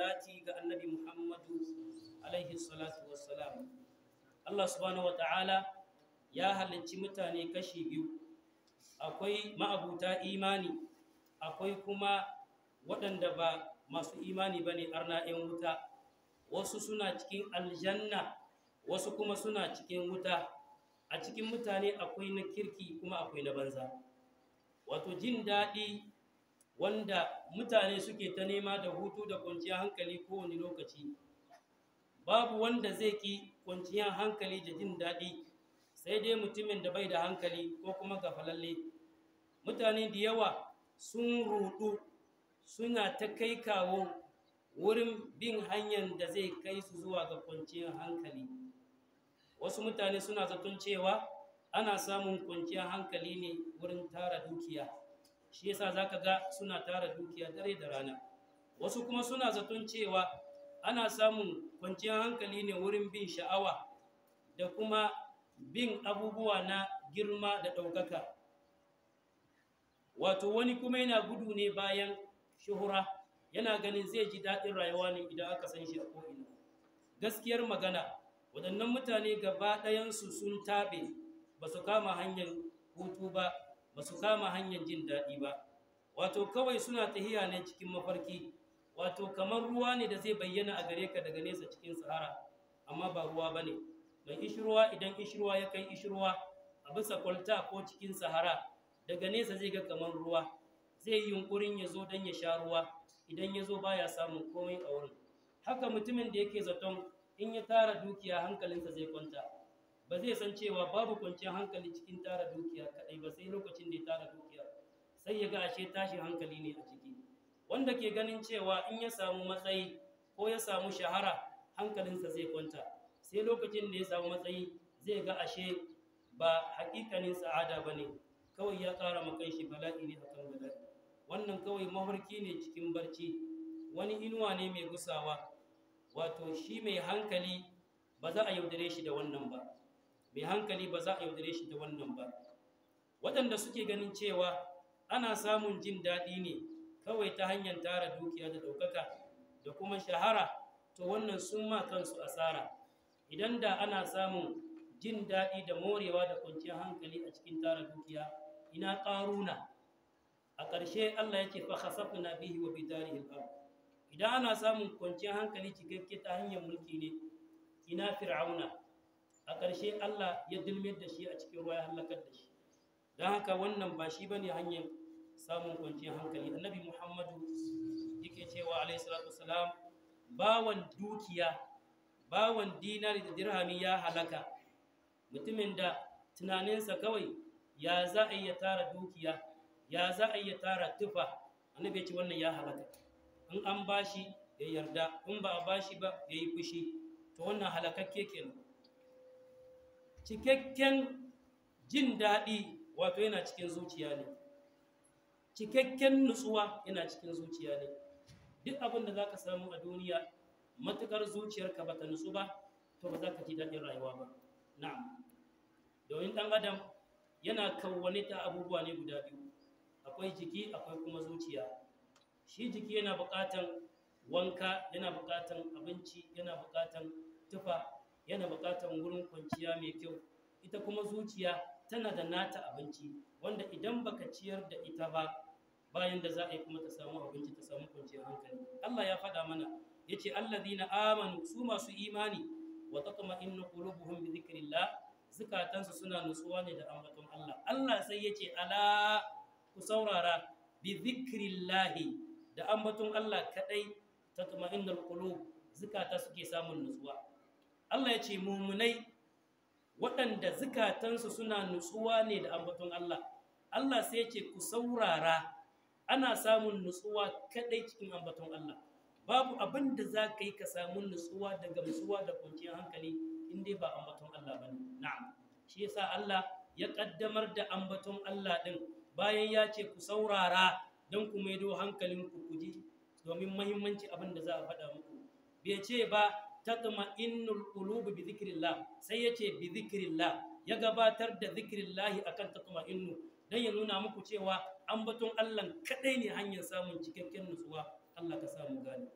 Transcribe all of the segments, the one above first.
salati ga annabi Muhammadu alaihi salatu wassalam Allah subhanahu ta’ala ya halarci mutane kashi biyu akwai ma'abuta imani akwai kuma waɗanda ba masu imani ba ne arna 'yan wuta wasu suna cikin aljanna wasu kuma suna cikin wuta a cikin mutane akwai na kirki kuma akwai na banza wato jin daɗi wanda mutane suke ta nema da hutu da kwanciyar hankali kowane lokaci babu wanda zai ki kwanciyar hankali da jin daɗi sai dai mutumin da bai da hankali ko kuma gafalalle mutane da yawa sun rudu suna ta kai kawo wurin bin hanyar da zai kai su zuwa ga kwanciyar hankali wasu mutane suna zaton cewa ana samun kwanciyar hankali ne wurin tara dukiya shi yasa zaka ga suna tara dukiya dare da rana wasu kuma suna zaton cewa ana samun kwanciyar hankali ne wurin bin sha'awa da kuma bin abubuwa na girma da ɗaukaka wato wani kuma yana gudu ne bayan shuhura yana ganin zai ji daɗin rayuwa ne idan aka san shi a ko'ina gaskiyar magana waɗannan mutane gaba ɗayansu sun taɓe ba su kama hanyar hutu ba ba su kama hanyar jin daɗi ba wato kawai suna tahiya ne cikin mafarki wato kamar ruwa ne da zai bayyana a gare ka daga nesa cikin sahara amma ba ruwa ba ne mai ishirwa idan ishirwa ya kai ishirwa a bisa kwalta ko cikin sahara daga nesa zai ga kamar ruwa zai yi yunkurin ya zo don ya sha ruwa idan ya zo ba ya samun komai a wurin haka mutumin da yake zaton in ya tara dukiya hankalinsa zai kwanta ba zai san cewa babu kwanciyar hankali cikin tara dukiya kaɗai ba sai lokacin da ya tara dukiya sai ya ga ashe tashin hankali ne a ciki wanda ke ganin cewa in ya samu matsayi ko ya samu shahara hankalinsa zai kwanta sai lokacin da ya samu matsayi zai ga ashe ba hakikanin sa'ada ba ne kawai ya kara ma kanshi bala'i ne akan bala'i wannan kawai mafarki ne cikin barci wani inuwa ne mai gusawa wato shi mai hankali ba za a yaudare shi da wannan ba mai hankali ba za a yaudare shi ta wannan ba waɗanda suke ganin cewa ana samun jin daɗi ne kawai ta hanyar tara dukiya da ɗaukaka da kuma shahara to wannan sun ma kansu asara idan da ana samun jin daɗi da morewa da kwanciyar hankali a cikin tara dukiya ina ƙaruna a ƙarshe Allah yake fa na bihi wa bi tarihin ba. idan ana samun kwanciyar hankali cikakke ta hanyar mulki ne ina fir'auna a ƙarshe Allah ya dulmiyar da shi a cikin ruwa ya halakar da shi don haka wannan ba shi bane hanyar samun kwanciyar hankali annabi muhammadu yake cewa alaihi salatu wasalam bawan dukiya bawan dinari da dirhami ya halaka mutumin da tunaninsa kawai ya za a iya tara dukiya ya za a iya tara tufa annabi ya ce wannan ya halaka in an bashi ya yarda in ba a bashi ba ya yi fushi to wannan halakakke kenan cikakken jin daɗi wato yana cikin zuciya ne cikakken nutsuwa yana cikin zuciya ne duk abin da za ka samu a duniya matukar zuciyarka ba ta nutsu ba to ba za ka ji daɗin rayuwa ba na'am domin ɗan adam yana kawwani ta abubuwa ne guda biyu akwai jiki akwai kuma zuciya shi jiki yana buƙatan wanka yana buƙatan abinci yana buƙatan tufa yana buƙatar wurin kwanciya mai kyau ita kuma zuciya tana da nata abinci wanda idan baka ciyar da ita ba bayan da za a yi kuma ta samu abinci ta samu kwanciyar hankali Allah ya faɗa mana yace allazina amanu su masu imani wa inna qulubuhum bi dhikrillah zukatansu suna nutsuwa ne da ambaton Allah Allah sai yace ala ku saurara bi dhikrillah da ambaton Allah kadai tatma'innul qulub zukata suke samun nutsuwa Allah ya ce mumunai waɗanda zukatansu suna nutsuwa ne da ambaton Allah Allah sai ya ce ku saurara ana samun nutsuwa kaɗai cikin ambaton Allah babu abin da za ka yi ka samu nutsuwa daga nutsuwa da kwanciyar hankali in dai ba ambaton Allah ba na'am shi yasa Allah ya ƙaddamar da ambaton Allah ɗin bayan ya ce ku saurara don ku maido hankalinku ku ji domin mahimmanci abin da za a faɗa muku bai ce ba innul qulubu bi dhikrillah sai yace bi dhikrillah ya gabatar da dhikrillah akan innu. dan ya nuna muku cewa an ambaton Allah kadai ne hanyar samun cikakken nutsuwa Allah ka samu gani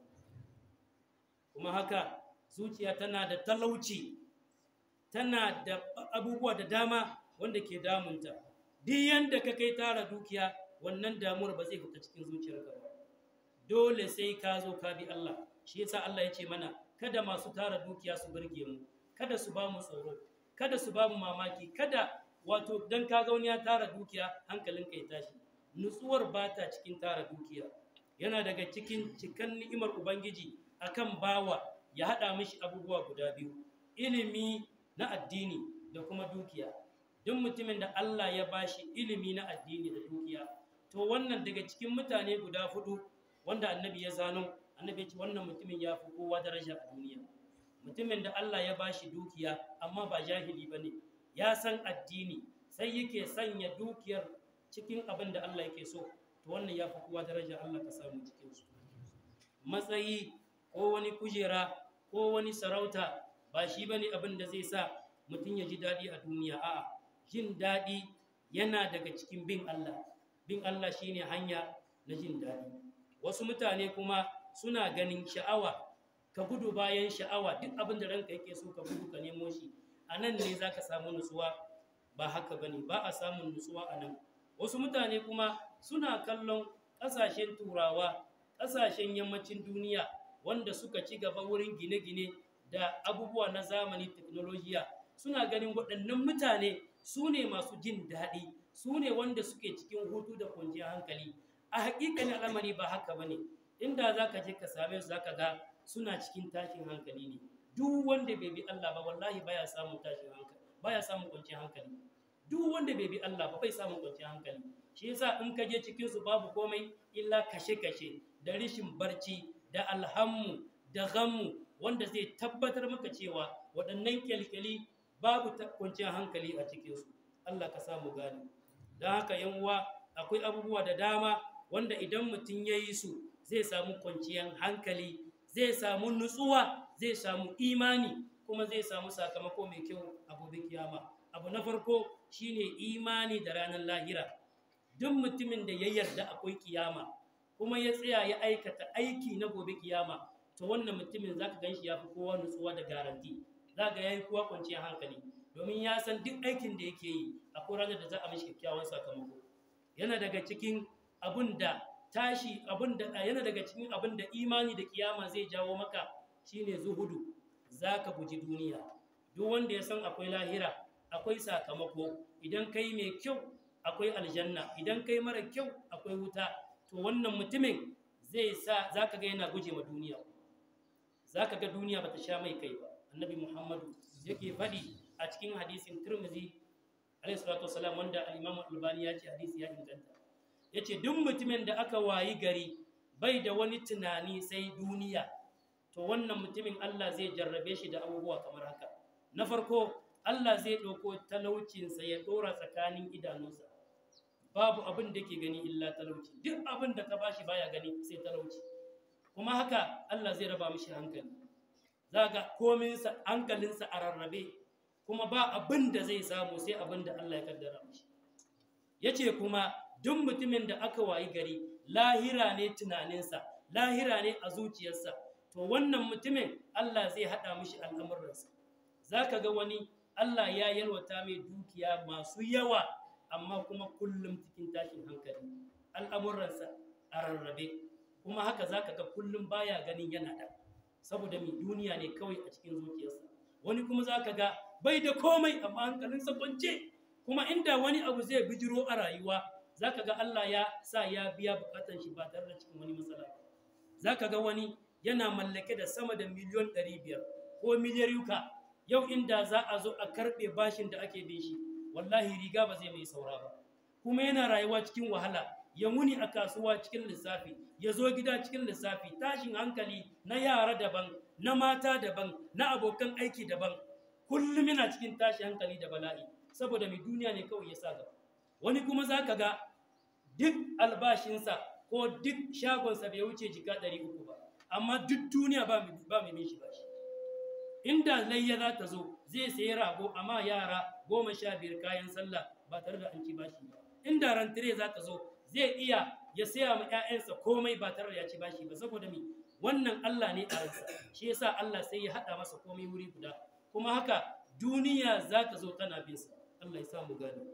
kuma haka zuciya tana da talauci tana da abubuwa da dama wanda ke damunta duk yanda ka kai tara dukiya wannan damuwar ba zai fita cikin zuciyarka ba dole sai ka zo ka bi Allah shi yasa Allah ya ce mana kada masu tara dukiya su burge mu kada su bamu mu tsoro kada su bamu mamaki kada wato dan ka ga wani ya tara dukiya hankalin ka ya tashi nutsuwar ba ta cikin tara dukiya yana daga cikin cikan ni'imar ubangiji akan bawa ya hada mishi abubuwa guda biyu ilimi na addini da kuma dukiya duk mutumin da Allah ya bashi ilimi na addini da dukiya to wannan daga cikin mutane guda hudu wanda annabi ya zano annabi ya ce wannan mutumin ya fi kowa daraja a duniya mutumin da Allah ya ba shi dukiya amma ba jahili bane ya san addini sai yake sanya dukiyar cikin abin da Allah yake so to wannan ya fi kowa daraja Allah ka samu cikin su matsayi ko wani kujera ko wani sarauta ba shi bane abin da zai sa mutum ya ji daɗi a duniya a'a jin daɗi yana daga cikin bin Allah bin Allah shine hanya na jin daɗi wasu mutane kuma suna ganin sha'awa ka gudu bayan sha'awa duk abin da ranka yake so ka gudu ka nemo shi a nan ne za ka samu nutsuwa ba haka ba ne ba a samun nutsuwa a nan wasu mutane kuma suna kallon ƙasashen turawa ƙasashen yammacin duniya wanda suka ci gaba wurin gine-gine da abubuwa na zamani teknolojiya suna ganin waɗannan mutane su ne masu jin daɗi su ne wanda suke cikin hutu da kwanciyar hankali a haƙiƙanin al'amari ba haka ba ne inda za ka je ka same su za ka ga suna cikin tashin hankali ne duk wanda bai bi Allah ba wallahi baya samun tashin hankali baya samun kwanciyar hankali duk wanda bai bi Allah ba bai samun kwanciyar hankali shi yasa in ka je cikin su babu komai illa kashe kashe da rishin barci da alhammu da ghammu wanda zai tabbatar maka cewa waɗannan kyalkyali babu kwanciyar hankali a cikin su Allah ka samu gani don haka yan uwa akwai abubuwa da dama wanda idan mutum ya yi su zai samu kwanciyar hankali zai samu nutsuwa zai samu imani kuma zai samu sakamako mai kyau a gobe kiyama abu na farko shine imani da ranar lahira duk mutumin da ya yarda akwai kiyama kuma ya tsaya ya aikata aiki na gobe kiyama to wannan mutumin za zaka ganshi fi kowa nutsuwa da garanti za ya yi kowa kwanciyar hankali domin ya san duk aikin da yake yi akwai ranar da za a mishi kyakkyawan sakamako yana daga cikin abun da tashi abinda da yana daga cikin abun da imani da kiyama zai jawo maka shine zuhudu zaka guji duniya duk wanda ya san akwai lahira akwai sakamako idan kai mai kyau akwai aljanna idan kai mara kyau akwai wuta to wannan mutumin zai sa zaka ga yana guje ma duniya zaka ga duniya bata sha mai kai ba annabi muhammadu yake faɗi a cikin hadisin turmizi alaihi salatu wasalam wanda al albani ya ce hadisi ya inganta ya ce duk mutumin da aka wayi gari bai da wani tunani sai duniya to wannan mutumin Allah zai jarrabe shi da abubuwa kamar haka na farko Allah zai ɗauko talaucinsa ya ɗora tsakanin idanunsa babu abin da ke gani illa talauci duk abin da ka bashi baya gani sai talauci kuma haka Allah zai raba mishi hankali za ga kominsa hankalinsa a rarrabe kuma ba abin da zai samu sai abin da Allah ya kaddara mishi ya ce kuma duk mutumin da aka wayi gari lahira ne tunaninsa lahira ne a zuciyarsa to wannan mutumin Allah zai haɗa mishi al'amuransa za ka ga wani Allah ya yalwata mai dukiya masu yawa amma kuma kullum cikin tashin hankali al'amuransa a rarrabe kuma haka za ka ga kullum baya ganin yana da saboda mai duniya ne kawai a cikin zuciyarsa wani kuma za ka ga bai da komai amma hankalinsa kwance kuma inda wani abu zai bijiro a rayuwa za ka ga Allah ya sa ya biya bukatan shi ba tare da cikin wani matsala ba za ka ga wani yana mallake da sama da miliyon 500 ko miliyar yuka yau inda za a zo a karɓe bashin da ake bin shi wallahi riga ba zai mai saura ba kuma yana rayuwa cikin wahala ya muni a kasuwa cikin lissafi ya zo gida cikin lissafi tashin hankali na yara daban na mata daban na abokan aiki daban kullum yana cikin tashin hankali da bala'i saboda mai duniya ne kawai ya sa gaba wani kuma za ka ga duk albashinsa ko duk shagonsa bai wuce jika ɗari uku ba amma duk duniya ba mai mishi ba shi inda layya za ta zo zai sayi rago amma yara goma sha biyar kayan sallah ba tare da an ci bashi ba inda rantare za ta zo zai iya ya saya ma 'ya'yansa komai ba tare da ya ci bashi ba saboda me wannan Allah ne a ransa shi yasa Allah sai ya haɗa masa komai wuri guda kuma haka duniya za ta zo tana bin sa Allah ya samu gani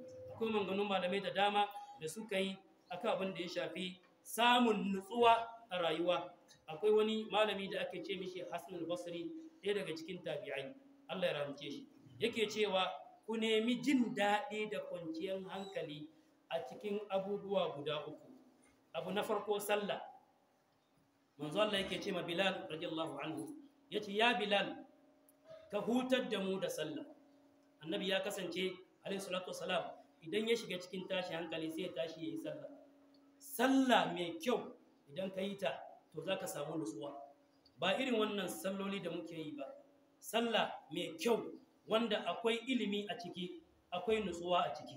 akwai manganun malamai da dama da suka yi akan abin da ya shafi samun nutsuwa a rayuwa akwai wani malami da ake ce mishi Hassan Basri ɗaya daga cikin tabi'ai Allah ya rahmace shi yake cewa ku nemi jin daɗi da kwanciyar hankali a cikin abubuwa guda uku abu na farko sallah manzo Allah yake ce ma Bilal radiyallahu anhu yace ya Bilal ka hutar da mu da sallah annabi ya kasance alaihi salatu wasalam idan ya shiga cikin tashi hankali sai ya tashi ya yi sallah sallah mai kyau idan ka yi ta to za ka samu nutsuwa ba irin wannan salloli da muke yi ba sallah mai kyau wanda akwai ilimi a ciki akwai nutsuwa a ciki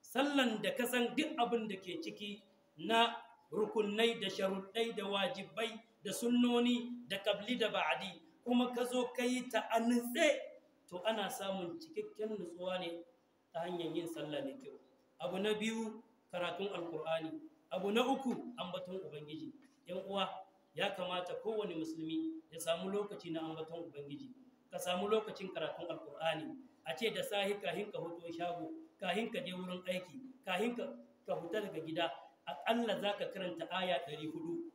sallan da ka san duk abin da ke ciki na rukunai da sharuɗai da wajibai da sunnoni da kabli da ba'adi kuma ka zo ka yi ta a nutse to ana samun cikakken nutsuwa ne ta hanyar yin sallah mai kyau abu na biyu karatun alkur'ani abu na uku ambaton ubangiji yan uwa ya kamata kowane musulmi ya samu lokaci na ambaton ubangiji ka samu lokacin karatun alkur'ani a ce da sahi kahin ka hoto shago kahin ka je wurin aiki kahin ka fita daga gida aƙalla za ka karanta aya hudu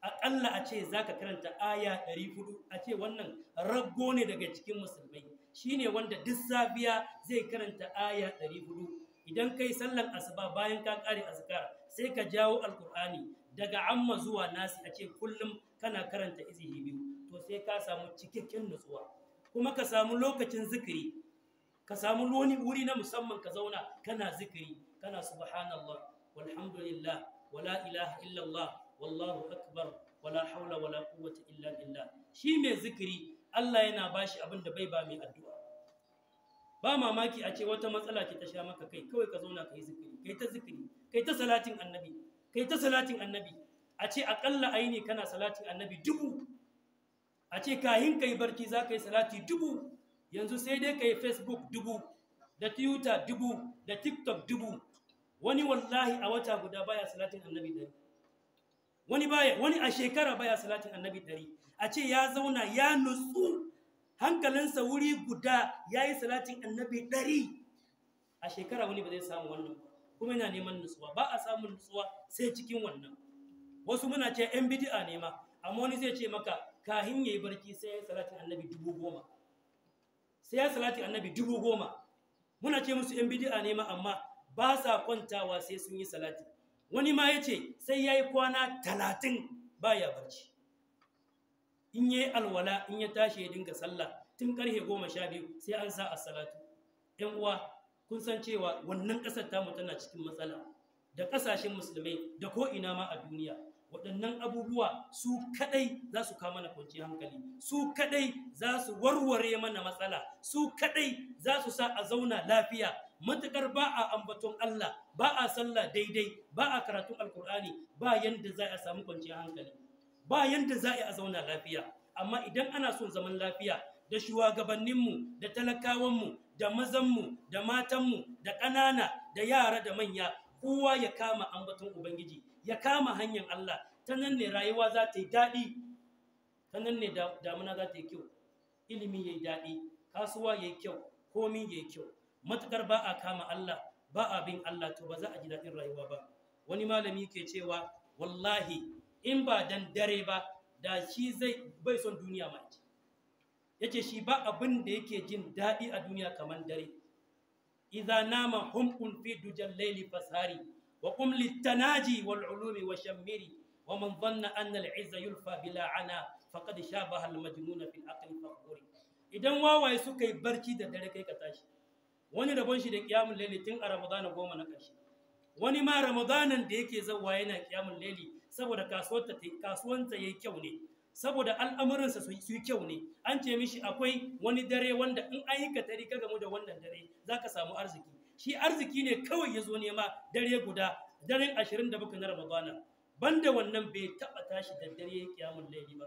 aƙalla a ce za ka karanta aya 400 a ce wannan raggo ne daga cikin musulmai Shi ne wanda duk safiya zai karanta aya 400 idan kai sallan asuba bayan ka kare azkar sai ka jawo Alkur'ani. daga amma zuwa nasi a ce kullum kana karanta izihi biyu to sai ka samu cikakken nutsuwa kuma ka samu lokacin zikiri ka samu wani wuri na musamman ka zauna kana zikiri kana subhanallah walhamdulillah wala ilaha illallah wallahu akbar wala haula wala quwwata illa billah shi mai zikiri Allah yana bashi abin da bai ba mai addu'a ba mamaki a ce wata matsala ce ta sha maka kai kawai ka zauna ka yi zikiri kai ta zikiri kai ta salatin annabi kai ta salatin annabi a ce akalla ne kana salatin annabi dubu a ce kahin kai barci za ka yi salati dubu yanzu sai dai ka yi facebook dubu da twitter dubu da tiktok dubu wani wallahi a wata guda baya salatin annabi dari wani baya wani a shekara baya salatin annabi dari a ce ya zauna ya nutsu hankalinsa wuri guda ya yi salatin annabi ɗari a shekara wani ba zai samu wannan kuma yana neman nutsuwa ba a samun nutsuwa sai cikin wannan wasu muna ce yan bidi'a a nema amma wani zai ce maka kahin yayi barci sai ya yi salatin annabi dubu goma sai ya salatin annabi dubu goma muna ce musu yan bidi'a a nema amma ba sa kwantawa sai sun yi salati wani ma ya ce sai ya yi kwana talatin ba ya barci in yi alwala in ya tashi ya dinga sallah tun karhe goma sha biyu sai an sa a salatu yan uwa kun san cewa wannan ƙasar tamu tana cikin matsala da ƙasashen musulmai da ko'ina ma a duniya waɗannan abubuwa su kaɗai za su kawo mana kwanciyar hankali su kaɗai za su warware mana matsala su kaɗai za su sa a zauna lafiya matuƙar ba a ambaton Allah ba a sallah daidai ba a karatun alkur'ani ba yadda za a samu kwanciyar hankali ba yanda za a zauna lafiya amma idan ana son zaman lafiya da shugabanninmu da talakawanmu da mazanmu da matanmu da ƙanana da yara da manya kowa ya kama ambaton ubangiji ya kama hanyar Allah ta nan ne rayuwa za ta yi daɗi ta nan ne damuna za ta yi kyau ilimi ya yi daɗi kasuwa ya yi kyau komi ya yi kyau matuƙar ba a kama Allah ba a bin Allah to ba za a ji daɗin rayuwa ba wani malami ke cewa wallahi in ba dan dare ba da shi zai bai son duniya ma yace shi ba abin da yake jin daɗi a duniya kamar dare Iza nama humqun fi dujal layli fasari wa qum litanaji wal ulumi wa shammiri wa man dhanna anna al izza yulfa bila ana faqad shabaha al majnuna fil aqli faquri idan wawaye suka yi barci da dare kai ka tashi wani rabon shi da kiyamul layli tun a ramadana goma na karshe wani ma ramadanan da yake zawa yana kiyamul layli saboda kasuwanta ya yayi kyau ne saboda al'amuransa su yi kyau ne an ce mishi akwai wani dare wanda in an yi katari ka gamu da wannan dare za ka samu arziki shi arziki ne kawai ya zo nema dare guda daren 27 na Ramadana banda wannan bai taɓa tashi da dare ya kiyamul laili ba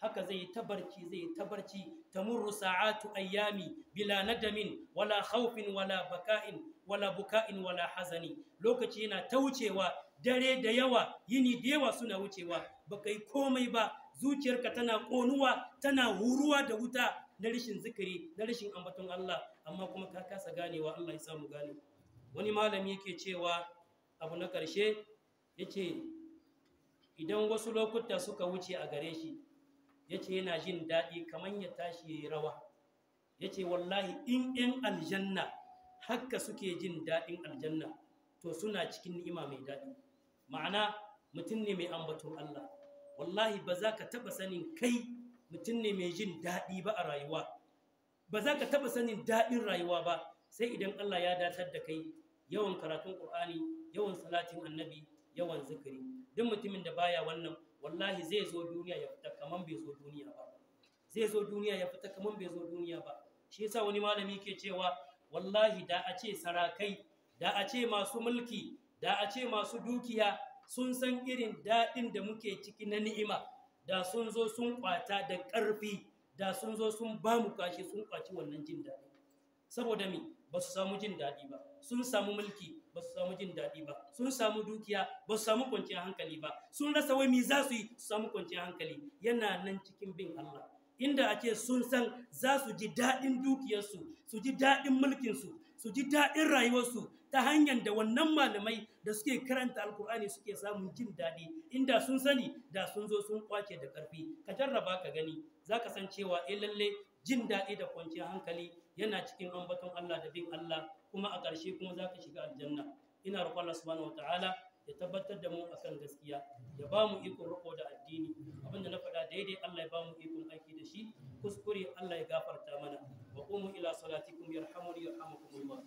haka zai yi tabarci zai yi tabarci tamurru sa'atu ayyami bila nadamin wala khawfin wala baka'in wala buka'in wala hazani lokaci yana ta wucewa dare da yawa yini da yawa suna wucewa ba kai komai ba zuciyarka tana konuwa tana huruwa da wuta na rashin zikiri na rashin ambaton Allah amma kuma ka kasa ganewa Allah ya samu gane wani malami yake cewa abu na karshe yace idan wasu lokuta suka wuce a gare shi yace yana jin daɗi kaman ya tashi yayi rawa yace wallahi in 'yan aljanna haka suke jin daɗin aljanna to suna cikin ni'ima mai daɗi ma'ana mutum ne mai ambaton Allah wallahi ba za ka taɓa sanin kai mutum ne mai jin daɗi ba a rayuwa ba za ka taba sanin daɗin rayuwa ba sai idan Allah ya datar da kai yawan karatun Qur'ani yawan salatin annabi yawan zikiri duk mutumin da baya wannan wallahi zai zo duniya ya fita kaman bai zo duniya ba zai zo duniya ya fita kaman bai zo duniya ba shi yasa wani malami ke cewa wallahi da a ce sarakai da a ce masu mulki da a ce masu dukiya sun san irin daɗin da muke ciki na ni'ima da sun zo sun kwata da ƙarfi da sun zo sun ba mu kashi sun kwaci wannan jin daɗi saboda me ba su samu jin daɗi ba sun samu mulki ba su samu jin daɗi ba sun samu dukiya ba su samu kwanciyar hankali ba sun rasa wai me za su yi su samu kwanciyar hankali yana nan cikin bin Allah inda ake sun san za su ji daɗin dukiyarsu su ji daɗin mulkinsu su ji daɗin rayuwarsu ta hanyar da wannan malamai da suke karanta alkur'ani suke samun jin daɗi inda sun sani da sun zo sun kwace da ƙarfi ka jarraba ka gani za ka san cewa eh lalle jin daɗi da kwanciyar hankali yana cikin ambaton Allah da bin Allah kuma a ƙarshe kuma za ka shiga aljanna ina roƙon Allah subhanahu wataala ya tabbatar da mu akan gaskiya ya ba mu ikon riƙo da addini abinda na faɗa daidai Allah ya ba mu ikon aiki da shi kuskure Allah ya gafarta mana wa qumu ila salatikum yarhamuni yarhamukumullah